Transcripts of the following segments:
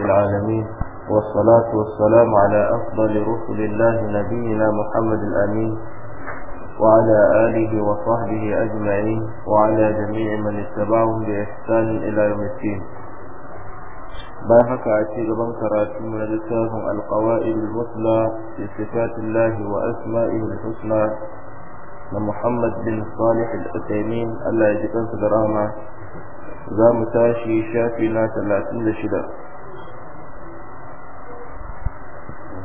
العالمين والصلاة والسلام على أفضل رسل الله نبينا محمد الأمين وعلى آله وصحبه أجمعين وعلى جميع من اتبعهم بإحسان إلى يوم الدين باهك عتيق بن كراتم لكتابهم القوائد المثلى في صفات الله وأسمائه الحسنى لمحمد بن صالح الأتيمين الله يجب أن تدراما ذا متاشي شافي لا ثلاثين شدة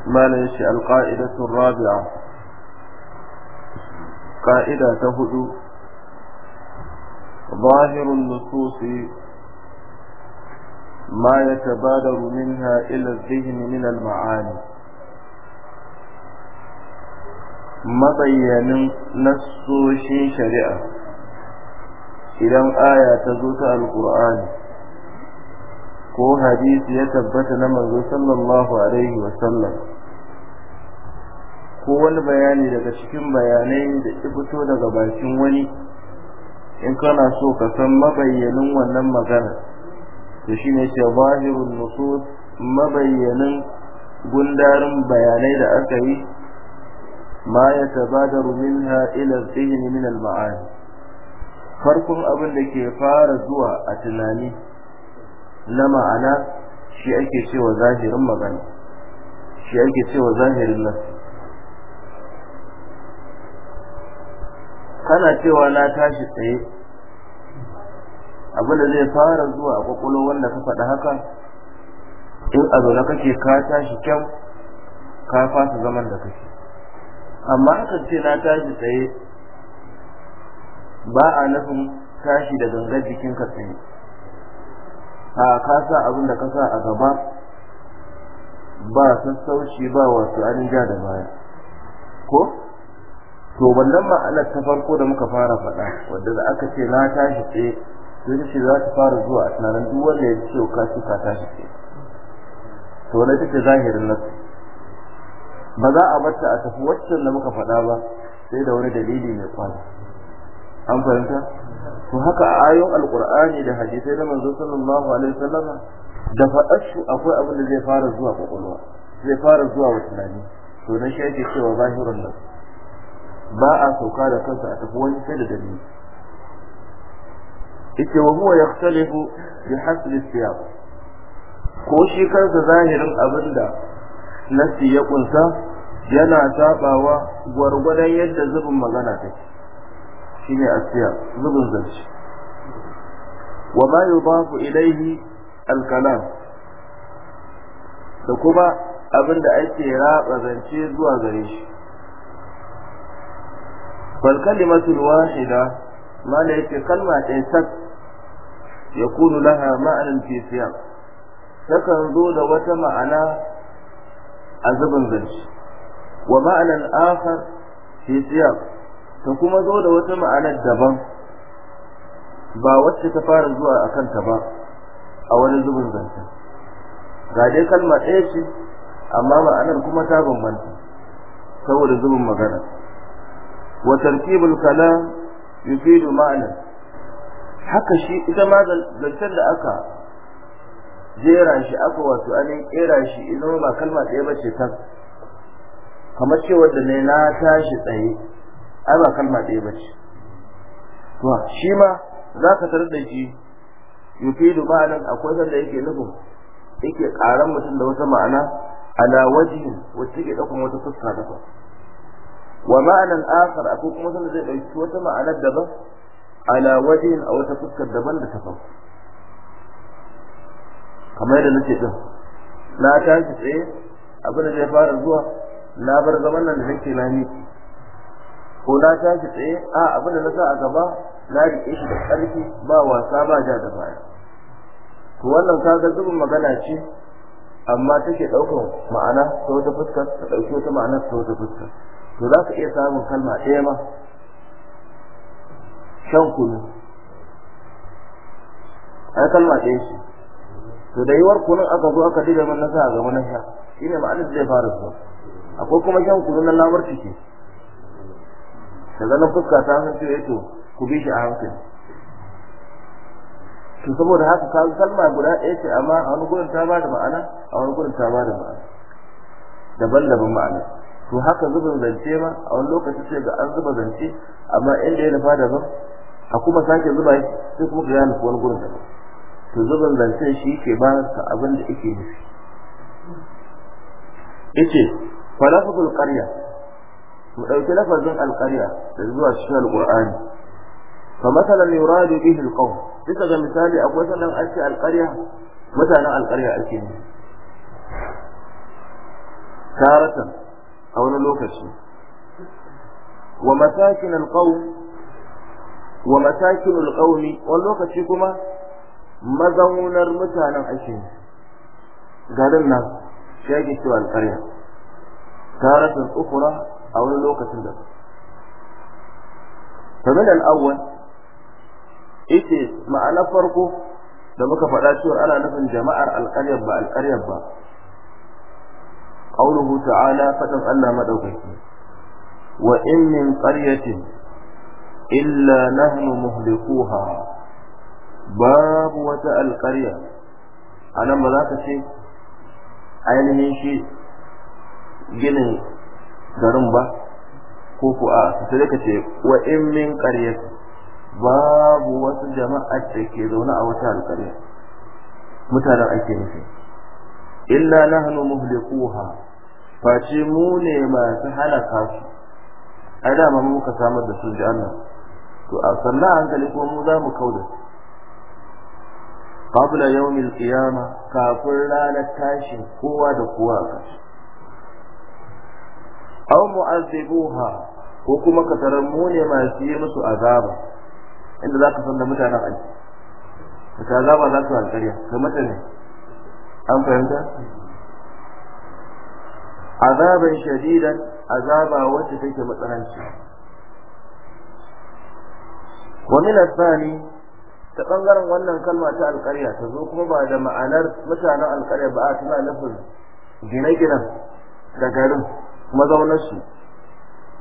malam shi alqa'idatu rabi'a ka'ida ta hudu zahirun nususi ما يتبادر منها إلى الذهن من المعاني mabayyanin nassoshin shari'a idan aya ta zo ta Alƙur'ani. ko hadisi ya tabbata na manzo sallallahu alaihi wasallam ko wani bayani daga cikin bayanai da ya fito daga bakin wani in kana so ka san mabayyanin wannan magana to shine ce zahirun nusus mabayyanin gundarin bayanai da aka yi ma ya tabadaru minha ila zihni min al ma'ani farkon abin da ke fara zuwa a tunani na ma'ana shi ake cewa zahirin magana shi ake cewa zahirin nasu kana cewa na tashi tsaye abin zai fara zuwa a kwakwalo wanda ka faɗi haka in a zaune kake ka tashi kyau ka fasa zaman da kake amma haka ce na tashi tsaye ba a nufin tashi da gangar jikinka tsaye a kasa sa abin da ka sa a gaba ba sassauci ba wasu an ja da baya ko to wannan ma'anar ta farko da muka fara faɗa wanda da aka ce na tashi ce to ce za ta fara zuwa a tunanin duk wanda ya ce ka shi ka tashi ce to wannan ita ce zahirin nasu ba za a bar ta a tafi waccan da muka faɗa ba sai da wani dalili mai kwana an fahimta to haka a ayoyin alqur'ani da hadisai na manzo sallallahu alaihi wasallam da faɗar shi akwai abin da zai fara zuwa kwakwalwa zai fara zuwa wa tunani to na shi ake cewa zahirin nan ba a sauka da kansa a tafi wani sai da dalili yake wa huwa yaxtalifu bi al-siyab ko shi kansa zahirin abinda nasi ya kunsa yana sabawa gwargwadon yadda zubin magana take shine asiya zubin zance wa ma yudafu ilayhi al-kalam da kuma abinda ake raba zance zuwa gare shi fal kalimatul wahida mala yake kalma ɗaya ya yakunu laha ma'anan fi siyaq takan zo da wata ma'ana a zubin zance wa ma'anan akhar fi siyaq ta kuma zo da wata ma'anar daban ba wacce ta fara zuwa a kanta ba a wani zubin zance ga dai kalma ɗaya ce amma ma'anar kuma ta bambanta saboda zubin magana وتركيب الكلام يفيد معنى haka shi ita ma zancen da aka jera shi aka wato anin kera shi idan ba kalma ɗaya ba ce tas kamar cewar da ne na tashi tsaye ai ba kalma ɗaya ba ce to shi ma za ka tarar da shi yufidu ma'anan akwai sanda yake nufin yake ƙaran mutum da wata ma'ana ala wajihin wacce ke ɗaukan wata fuska daban wa ma'anan akhar akwai kuma sanda zai ɗauki wata ma'ana daban ala wajin a wata fuskar daban da ta farko kamar yadda nake din na tashi tsaye abin da zai fara zuwa na bar zaman nan da nake na miki ko na tashi tsaye a abin da na sa a gaba na riƙe shi da ƙarfi ba wasa ba ja da baya to wannan kaga zubin magana ce amma take ɗaukar ma'ana ta wata fuskar ta dauke wata ma'ana ta wata fuskar to za ka iya samun kalma ɗaya ma shan kunu ai kalma ɗaya ce to da yiwuwar kunun aka zo aka diga man nasa ga gaba na sha shi ne ma'anar zai fara zuwa akwai kuma shan kunu na lamar ciki da nan fuska ta ya ce eh ku bi shi a hankali to saboda haka ka kalma guda ɗaya ce amma a wani gurin ta bada ma'ana a wani gurin ta bada ma'ana daban-daban ma'ana to haka zubin zance ma a wani lokaci ce ga an zuba zance amma inda ya nufa daban a kuma sake zuba shi sai kuma ga ya nufi wani gurin daban to zubin zance shi ke ba ka abin da yake nufi yace falafuzul qarya mu dauki lafazin alqarya da zuwa cikin alqur'ani fa masalan yuradu bihi alqawm bisa ga misali akwai sannan an ce alƙarya mutanen alƙarya ake ne taratan a wani lokaci wa masakin alqawm wa masakin ne wani lokaci kuma mazaunar mutanen ake garin nan shi ake cewa alƙarya taratan ukura a wani lokacin da fa min al-awwal ita ma'anar farko da muka faɗa cewa ana nufin jama'ar alƙaryar ba alƙaryar ba qauluhu ta'ala faɗin Allah madaukaki wa in min qaryatin illa nahnu muhlikuha babu wata alƙarya nan ba za ka ce ainihin shi ginin garin ba ko ku a sai ka ce wa in min qaryatin babu wasu jama'a da ke zaune a wata alƙali? mutanen ake nufi illa nahnu muhlikuha face mu ne masu halaka su ai dama mu muka samar da su ji Allah to a sannan hankali ko mu za mu kauda su qabla yawmil qiyama kafin ranar tashi kowa da kowa a kashi aw mu'azzibuha ko kuma ka tarar mu ne masu yi musu azaba inda za ka san da mutanen aiki, da ta zaba za su alƙarya da mutane ne an fahimta azaban shadidan azaba wacce take matsananci Wani min ta bangaren wannan kalma ta alƙarya ta zo kuma ba da ma'anar mutanen alƙarya ba a tuna nufin gine-ginen da garin mazaunarsu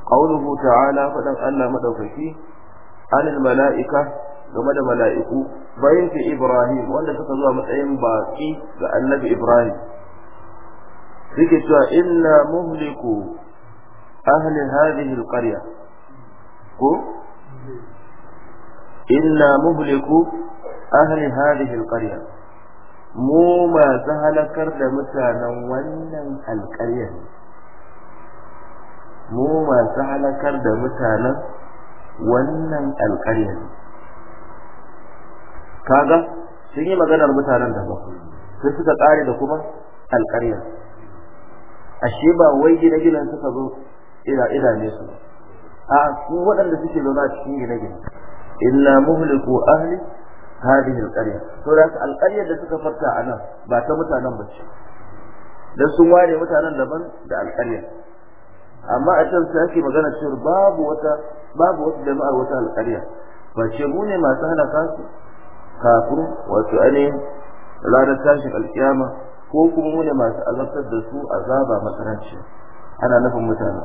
ƙaunuhu ta'ala faɗin Allah maɗaukaki anil mala'ika game da mala'iku bayin Ibrahim wanda suka zuwa matsayin baki ga annabi Ibrahim suke cewa inna muhliku ahli hadhihi alqarya ko inna muhliku ahli hadhihi alqarya mu masu halakar da mutanen wannan alƙaryar mu masu halakar da mutanen wannan alƙarya ne kaga sun yi maganar mutanen da ba sai suka ƙare da kuma alƙarya ashe ba wai gine-ginen suka zo ila ila ne su a su waɗanda suke zauna cikin gine-gine illa muhliku ahli hadhihi alqarya to da alqaryar da suka farta nan ba ta mutanen ba ce. dan sun ware mutanen daban da alqaryar amma a can sai ake magana cewa babu wata babu wata jama'ar wata alƙarya ba ce mu ne masu hana su kafin wato ainihin ranar tashin alƙiyama ko kuma mu ne masu azabtar da su azaba masaranci ana nufin mutane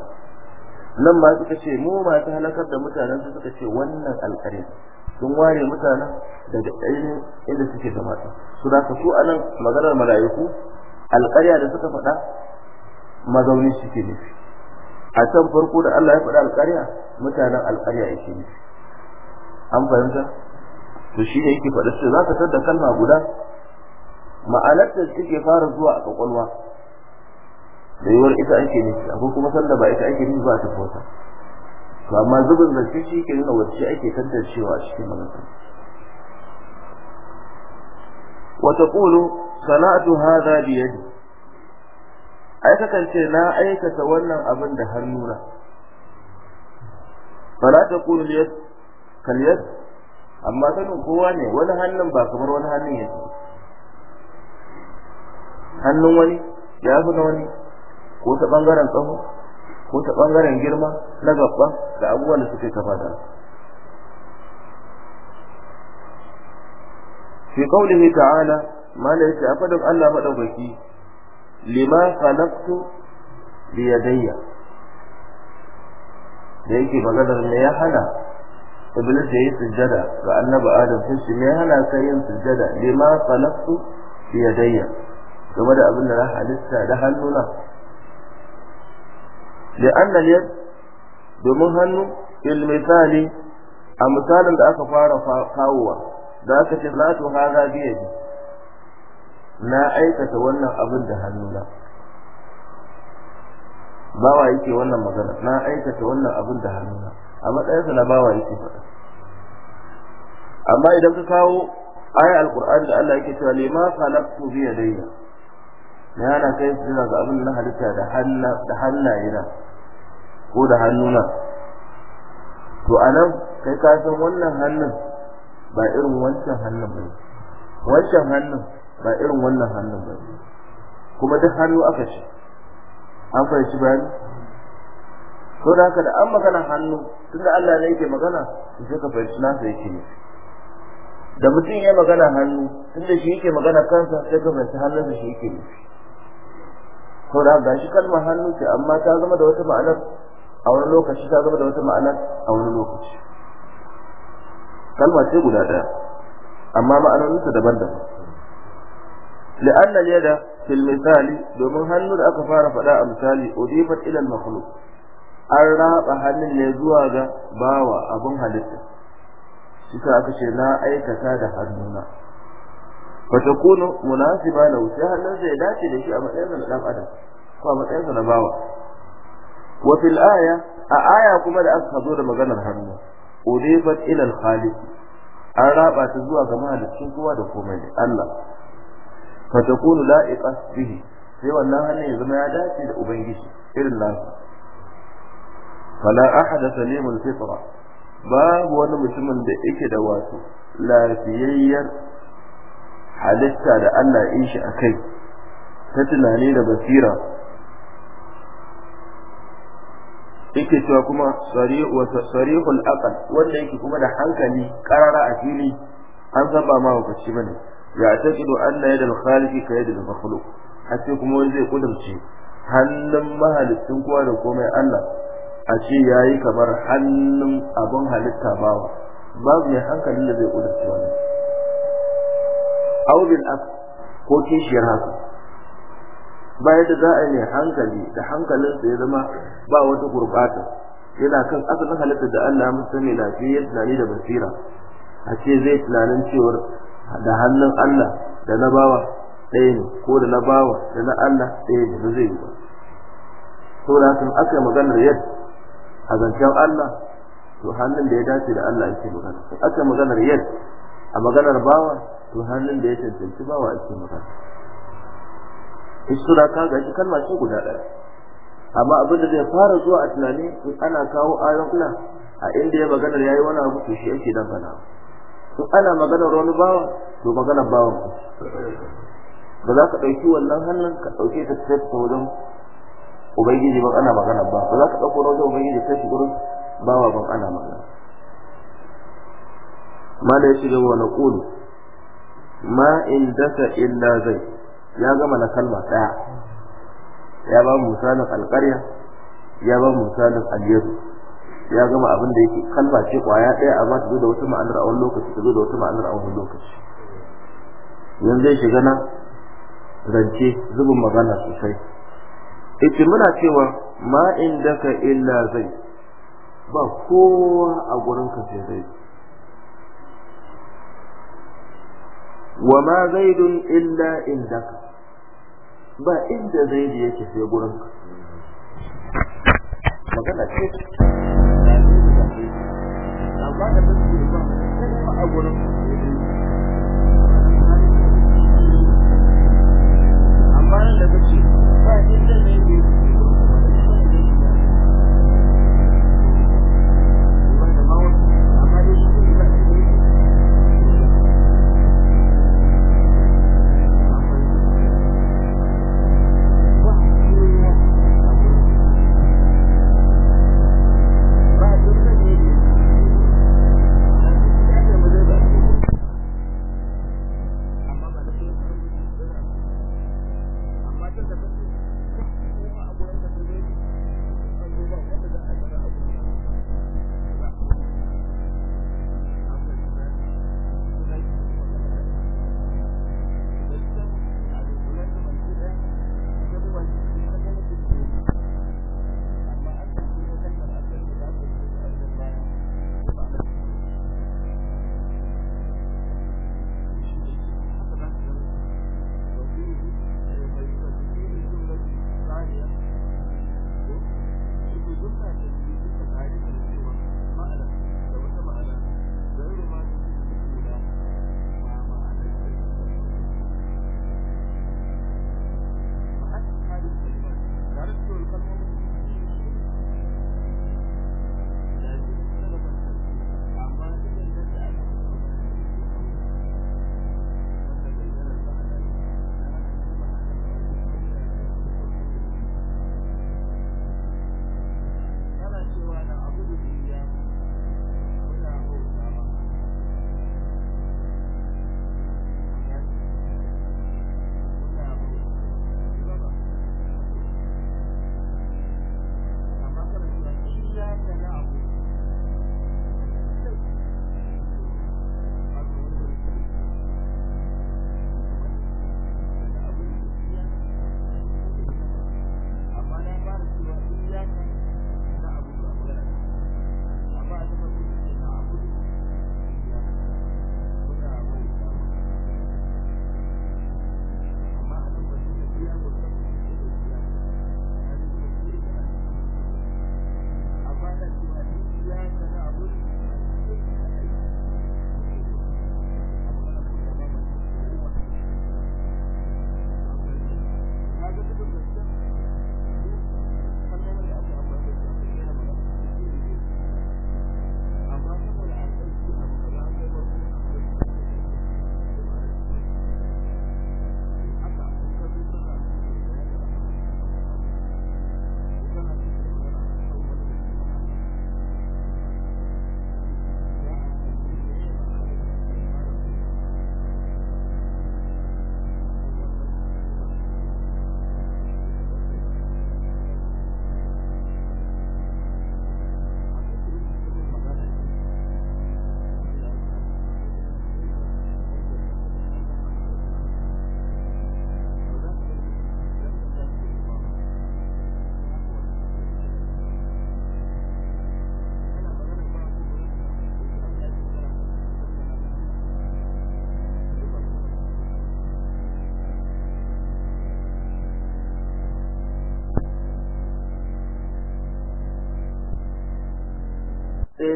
nan ma suka ce mu masu halakar da mutanen su suka ce wannan alƙarya sun ware mutanen daga ainihin inda suke zama su za ka a nan maganar mala'iku alƙarya da suka faɗa mazauni suke nufi a can farko da Allah ya faɗa alƙarya mutanen alƙarya yake ne an fahimta to shi ne yake faɗa sai za ka tada kalma guda ma'anar da take fara zuwa a kwakwalwa da yiwuwar ita ake ne akwai kuma sanda ba ita ake ne, ba ta fota to amma zubin zance shi ke nuna wacce ake tantancewa a cikin magana wa taqulu sana'atu hadha bi ai kakan ce na aikata wannan abin da hannuna fara ta kunu liyas kaliyas amma sanin kowa ne wani hannun ba kamar wani hannun yake hannun wani ya fi na wani ko ta bangaren tsaho ko ta bangaren girma na gaba da abubuwan da suke kafa da fi kauli ta'ala mala yace afadin Allah madaukaki lima khalaqtu bi yadayya da yake maganar ne ya hana iblis da yi sujjada ga annabi adam sun shi hana ka yin sujjada lima khalaqtu bi yadayya game da abin da na halitta da hannuna li anna yad domin hannu fil misali a misalin da aka fara kawowa da aka ce za tu hada bi na aikata wannan abin da hannuna bawa yake wannan magana na aikata wannan abin da hannuna a matsayinsa na bawa yake faɗa amma idan ka kawo ayar alkur'ani da Allah yake cewa ma khalaqtu bi yadayya na yana kai su ga abin na halitta da hanna da hannayena ko da hannuna to anan kai ka san wannan hannun ba irin wancan hannun ba wancan hannun ba irin wannan hannun ba kuma duk hannu aka ce an fahimci ne? ko da haka da an magana hannu tun da Allah ne yake magana sai ka fahimci nasa yake ne da mutum ya magana hannu tun da shi yake magana kansa sai ka fahimci da shi yake ne ko da ba shi kalmar hannu ce amma ta zama da wata ma'anar a wani lokaci ta zama da wata ma'anar a wani lokaci kalma ce guda ɗaya amma ma'anoninsa daban-daban ya اليد في misali domin هنو da aka fara faɗa a misali udifat ila al an raba hannun ne zuwa ga bawa abun halitta kisa aka na aikata da hannuna fa takunu munasiba lahu sai hannun zai dace da shi a matsayin na dan adam ko a matsayin na bawa wa aya a aya kuma da aka zo da maganar hannu udifat ila al an raba ta zuwa ga mahaliccin kowa da komai Allah fa takunu la'iqa bihi sai wannan hannun ya zama ya dace da ubangiji irin nasa fala ahada salimul fitra babu wani mutumin da yake da wato lafiyayyar halitta da Allah ya yi shi akai ta tunani da basira yake cewa kuma sarihul aqal wanda yake kuma da hankali karara a fili an san ba ma hukunci bane ya taqidu anna yadul kai ka yadul A ce kuma wani zai kudurce hannun mahalicin kowa da komai Allah a ce yayi kamar hannun abin halitta bawa babu mai hankali da zai kudurce wannan aw bil aks ko kishiyar haka bayan da za a yi hankali da hankalinsa ya zama ba wata gurbata yana kan asalin halittar da Allah ya musu ne lafiya tunani da basira a ce zai tunanin cewar da hannun Allah da na bawa ɗaya ne ko da na bawa da na Allah ɗaya ne ba zai yi ba to da haka aka maganar yadda a zancen Allah to hannun da ya dace da Allah ake magana in aka maganar yadda a maganar bawa to hannun da ya cancanci bawa ake magana isura ka ga kalma shi guda ɗaya amma abin da zai fara zuwa a tunani in ana kawo ayon a inda ya maganar yayi wani abu to shi yake dangana in ana maganar wani bawa to maganar bawa ba za ka ɗauki wannan hannun ka ɗauke ta ta wajen ubangiji ban ana magana ba ba za ka ɗauko na wajen ubangiji ta shi wurin bawa ban ana magana ma da ya shiga wa na ƙulu ma in dasa illa zai ya gama na kalma ɗaya ya ba misalin alƙarya ya ba misalin aljeru ya gama abin da yake kalma ce kwaya ɗaya amma ta zo da wata ma'anar a wani lokaci ta zo da wata ma'anar a wani lokaci yanzu zai shiga nan rance zubin magana sosai ita muna cewa ma ka illa zai ba kowa a gurin ka sai zai wa ma zaidun illa ka ba inda zai yake sai gurin ka magana ce wallahi ban ji ba kuma a gurin amma da kace ba inda ne za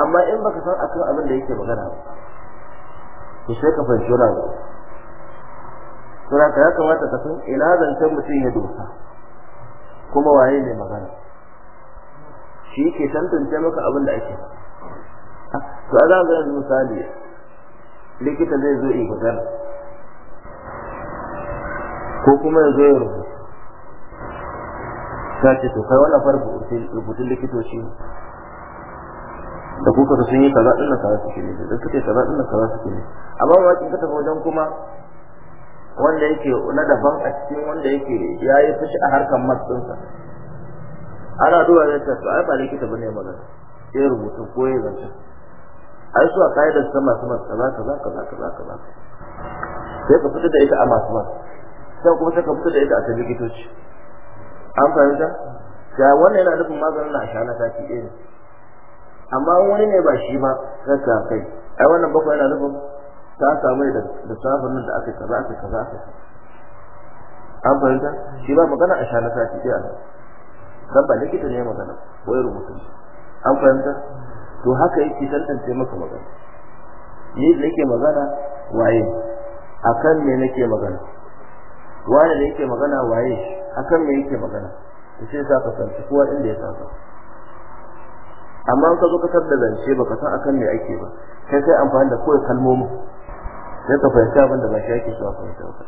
amma in baka san akan abin da yake magana ba sai ka fahimci wani abu to ya kamata ka san ina zancen mutum ya dosa kuma waye ne magana shi ke tantance maka abin da ake to a za ga yanzu misali likita zai zo yi fitar ko kuma ya zo ya rubuta ta ce to kai wani fara rubutun likitoci da kuka sun yi kaza ɗin na kaza suke ne da suke kaza ɗin na kaza suke ne amma ba kin ka tafi wajen kuma wanda yake na daban a cikin wanda yake yayi fushi a harkar matsinsa ana duba zai ta ai ba likita bane magana sai rubutu ko ya zanta ai su a kaidar ta masu masu kaza kaza kaza kaza kaza sai ka fita da ita a masu masu sai kuma sai ka fita da ita a ta likitoci an fahimta ga wannan yana nufin maganin na shana ta ci ɗaya amma wani ne ba shi ba zaka kai ai wannan bakwai yana nufin ta samu da da sabon nan da aka kaza aka kaza aka an fahimta shi ba magana a shana ta ci ɗaya dan ba likita ne magana ko ya rubuta an fahimta to haka yake tantance maka magana ni da yake magana waye akan me nake magana wani da yake magana waye akan me yake magana to sai ka kasance kowa inda ya saka amma ka zo ka tabda zance baka san akan me ake ba sai sai amfani da kowa kalmomi sai ka fahimta abin da ba shi ake so a fahimta ba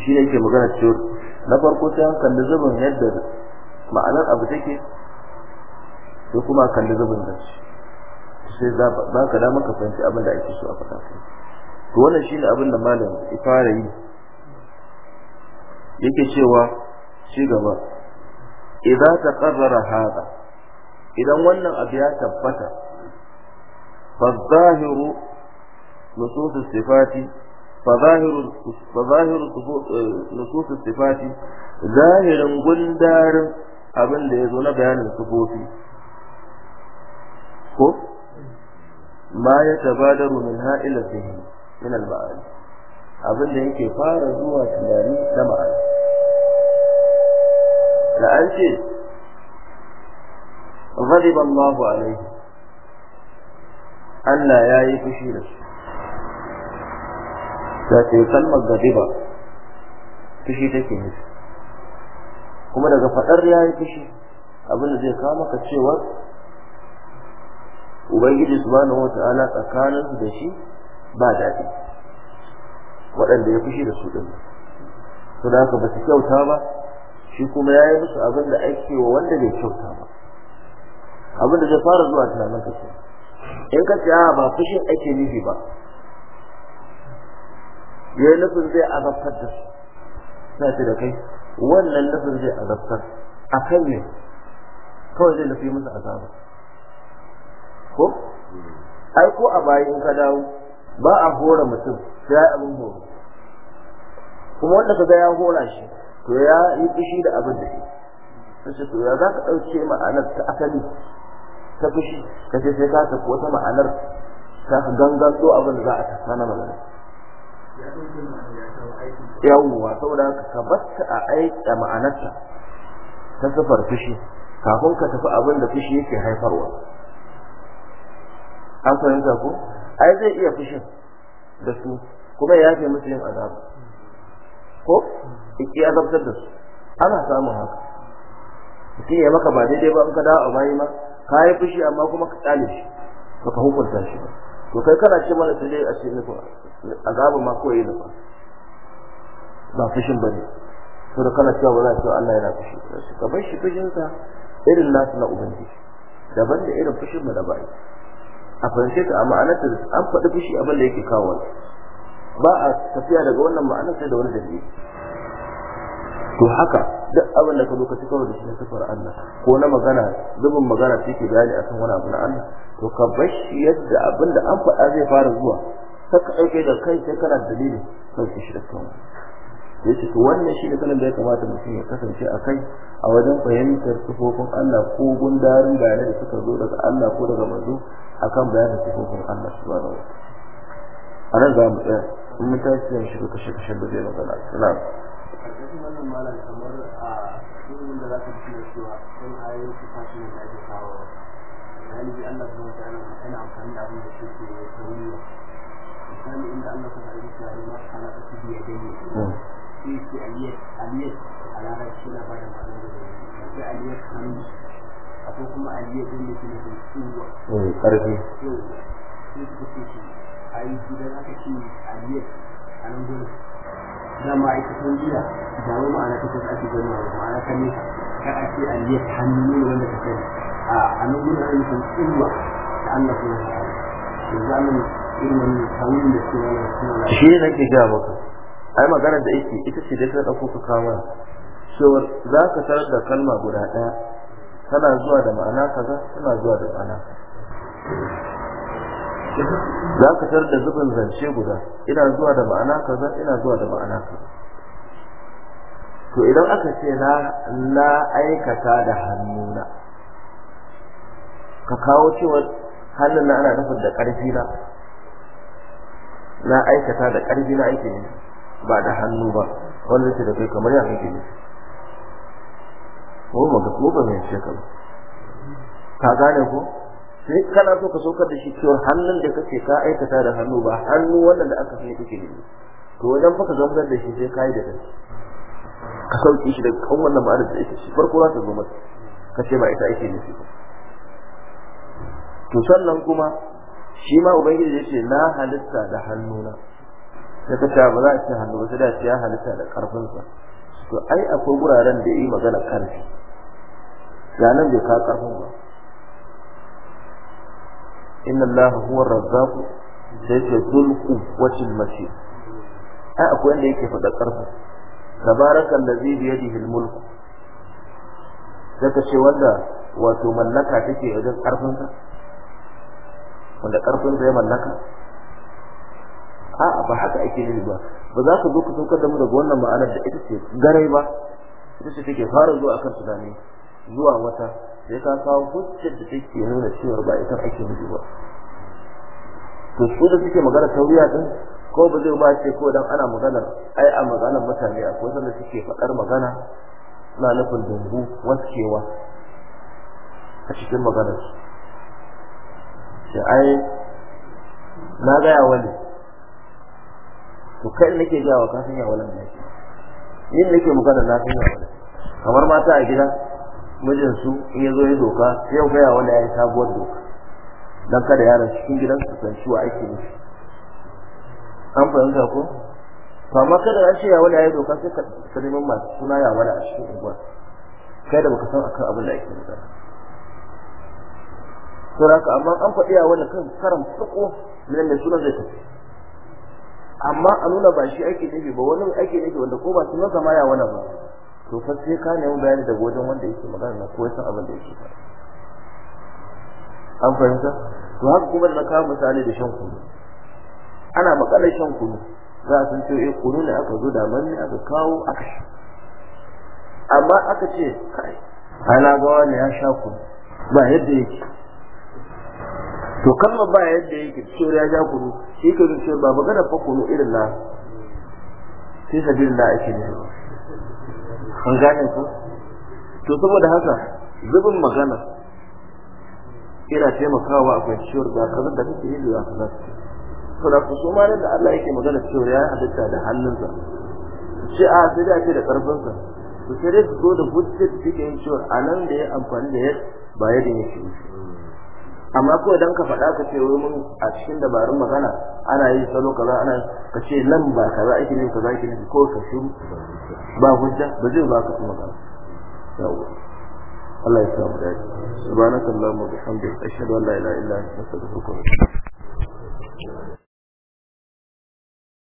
shi ne yake magana cewa na farko sai an kalli zubin yadda ma'anar abu take sai kuma kalli zubin da shi sai za ka da maka fahimci abin da ake so a faɗa kai to wannan shine abin da malam ya fara yi yake cewa shi gaba idza taqarrara hada idan wannan abu ya tabbata fa zahiru nusus sifati فظاهر فظاهر نصوص الصفات ظاهر غندار abin da ya zo na bayanin sufofi ko ma ya tabadaru min ha'ila fihi min al-ma'ani abin da yake fara zuwa tunani na ma'ani da an ce ghadiba Allahu alaihi Allah ya yi fushi da su ta yi kalmar ba fushi take nufi kuma daga faɗar ya yi fushi abinda zai kawo maka cewa ubangiji su wata ala tsakanin su da shi ba daɗi waɗanda ya fushi da su ɗin su da haka ba su kyauta ba shi kuma ya yi musu abin da ake wa wanda bai kyauta ba abin da zai fara zuwa tunanin ka in ka ce a ba fushin ake nufi ba ya nufin zai azabtar da su na ce da kai wannan nufin zai azabtar a kan ne kawai zai nufi musu azaba ko ai ko a bayan in ka dawo ba a hora mutum sai abin horo kuma wanda ka ga ya hora shi to ya yi fushi da abin da shi sai to ya za ka ɗauke ma'anar ta asali ta fushi ka ce sai ka tafi wata ma'anar ta gangan so abin da za a tattana na magana yawwa saboda ka batta a aika ma'anarta ta sifar fushi kafin ka tafi abin da fushi yake haifarwa an fahimta ko ai zai iya fushin da su kuma ya fi musu yin azaba ko iki azabtar da su ana samun haka mutum ya maka ba daidai ba in ka dawo a bayi ma ka yi fushi amma kuma ka tsale shi baka hukunta shi ba to kai kana ce mana sai a ce nufa azabu ma koyi nufa ba fushin bane to da kana cewa ba za ka Allah yana fushi ka bar shi fushinsa irin nasu na ubangiji daban da irin fushin mu da bai a fahimce amma a ma'anarta an faɗi fushi abin da yake kawo ba a tafiya daga wannan ma'anar sai da wani dalili to haka duk abin da ka zo ka ci karo da shi na sifar Allah ko na magana zubin magana ce ke bayani akan wani abu na Allah to ka bar shi yadda abin da an faɗa zai fara zuwa sai ka aike da kai sai kana dalilin kan shi shi da kanwa da yake to wannan shi ne kalan da ya kamata mutum ya kasance a kai a wajen fahimtar sifofin Allah ko gundarin bayanai da suka zo daga Allah ko daga manzo akan bayanin sifofin Allah subhanahu wa ta'ala nan za mu tsaya in mun tashi zai shiga kashe-kashen da zai magana ƙarƙashin wannan malam kamar a ilimin da za ka fi cewa sun ayoyin su fashi ne da ake kawo Allah amfani da abin da ke sauri misali inda Allah kana ta shi ke a larabci na bada ma'anar da sai aliyat hannu akwai kuma din da ke tsuwa mm, ƙarfi sai shi a yi ce a nan da ma'aikatan jiya da wani ma'ana ta kusa ake gani wani ma'ana ta nesa kar a ce an hannu ne wanda ta kai. a annan gudun an yi san tsirwa ta an da kuma ta'ala yanzu an irin wani sauyin da ke na suna lafiya. shi ne nake gaya maka ai maganar da yake ita ce dai ta ɗauko ka kama cewar za ka tarar da kalma guda ɗaya tana zuwa da ma'ana kaza tana zuwa da ma'ana za ka tar da zubin zance guda ina zuwa da ma'ana kaza ina zuwa da ma'ana kaza to idan aka ce na na aikata da hannuna ka kawo cewa hannun na ana nufin da ƙarfi na na aikata da ƙarfi na aiki ne ba da hannu ba wanda ce da kai kamar ya kake ne ko ba ga ko ba mai shekaru ka gane ko sai kana so ka saukar da shi cewa hannun da kake ka aikata da hannu ba hannu wannan da aka sani kake ne to wajen fa ka zama da shi sai ka yi da kai ka sauke shi daga kan wannan ma'ana da yake shi farko za ta zo masa ka ce ba ita ake ne ba to sannan kuma shi ma ubangiji ya ce na halitta da hannuna da ka ce ba za a ce hannu ba sai da ya halitta da karfinsa to ai akwai wuraren da yi magana karfi ya nan bai ka karfin ba inna Allah huwa razzaq sai ce zul quwwatil matin ai akwai wanda yake faɗa ƙarfi tabarakan ladzi bi yadihi al-mulk zaka ce wanda wato mallaka take wajen ƙarfin sa wanda ƙarfin sa ya mallaka a'a ba haka ake nufi ba ba za ka zo ka saukar da mu daga wannan ma'anar da ita ce garai ba ita ce take fara zuwa akan tunani zuwa wata sai ka kawo hujjar da take nuna cewa ba ita ake nufi ba to su da suke magana tauriya din ko ba zai ba ce ko dan ana maganar ai a maganar mutane a kusa da suke faɗar magana suna nufin dungu waskewa a cikin maganar shi ai na gaya wani to kai nake gaya wa kafin ya wani ne yin nake magana na sanya wani kamar mata a gida mijinsu in ya zo ya doka sai ya gaya wanda ya yi sabuwar doka don kada yaran cikin gidan su san wa aiki ne an fahimta ko to amma kada ya ce ya wani ya doka sai ka neman masu suna ya wani a cikin unguwar kai da baka san akan abin da ake nufi saboda amma an faɗi ya wani kan karan farko nan da sunan zai tafi amma a nuna ba shi ake nufi ba wani ake nufi wanda ko ba su zama ma ya wani ba to fa sai ka nemi bayani daga wajen wanda yake magana na ko san abin da yake faɗa an fahimta to haka kuma na kawo misali da shan kunu ana makalar shan kunu za a san cewa eh kunu ne aka zo da manni aka kawo aka sha amma aka ce kai ana gawa ne ya sha kunu ba yadda yake to kalma ba yadda yake cewa ya sha kunu shi ke zuciya ba magana fa kunu irin na sai da ake nufi an gane ku to saboda haka zubin magana ina taimakawa a kwanciyar da kazan da kake yi da kaza to da so ma da Allah yake magana cewa ya halitta da hannunsa ce a sai da ke da karfinsa to sai da go da hujjar cikin cewa anan da ya amfani da ya ba yadda yake yi amma ko dan ka faɗa ka ce mun a cikin dabarun magana ana yi salo kaza ana ka ce nan ba kaza ake ne kaza ake ne ko ka shi ba hujja ba zai ba ka kuma magana yawa Allah ya samu dace subhanakallahumma wa bihamdika ashhadu an la ilaha illa anta astaghfiruka wa atubu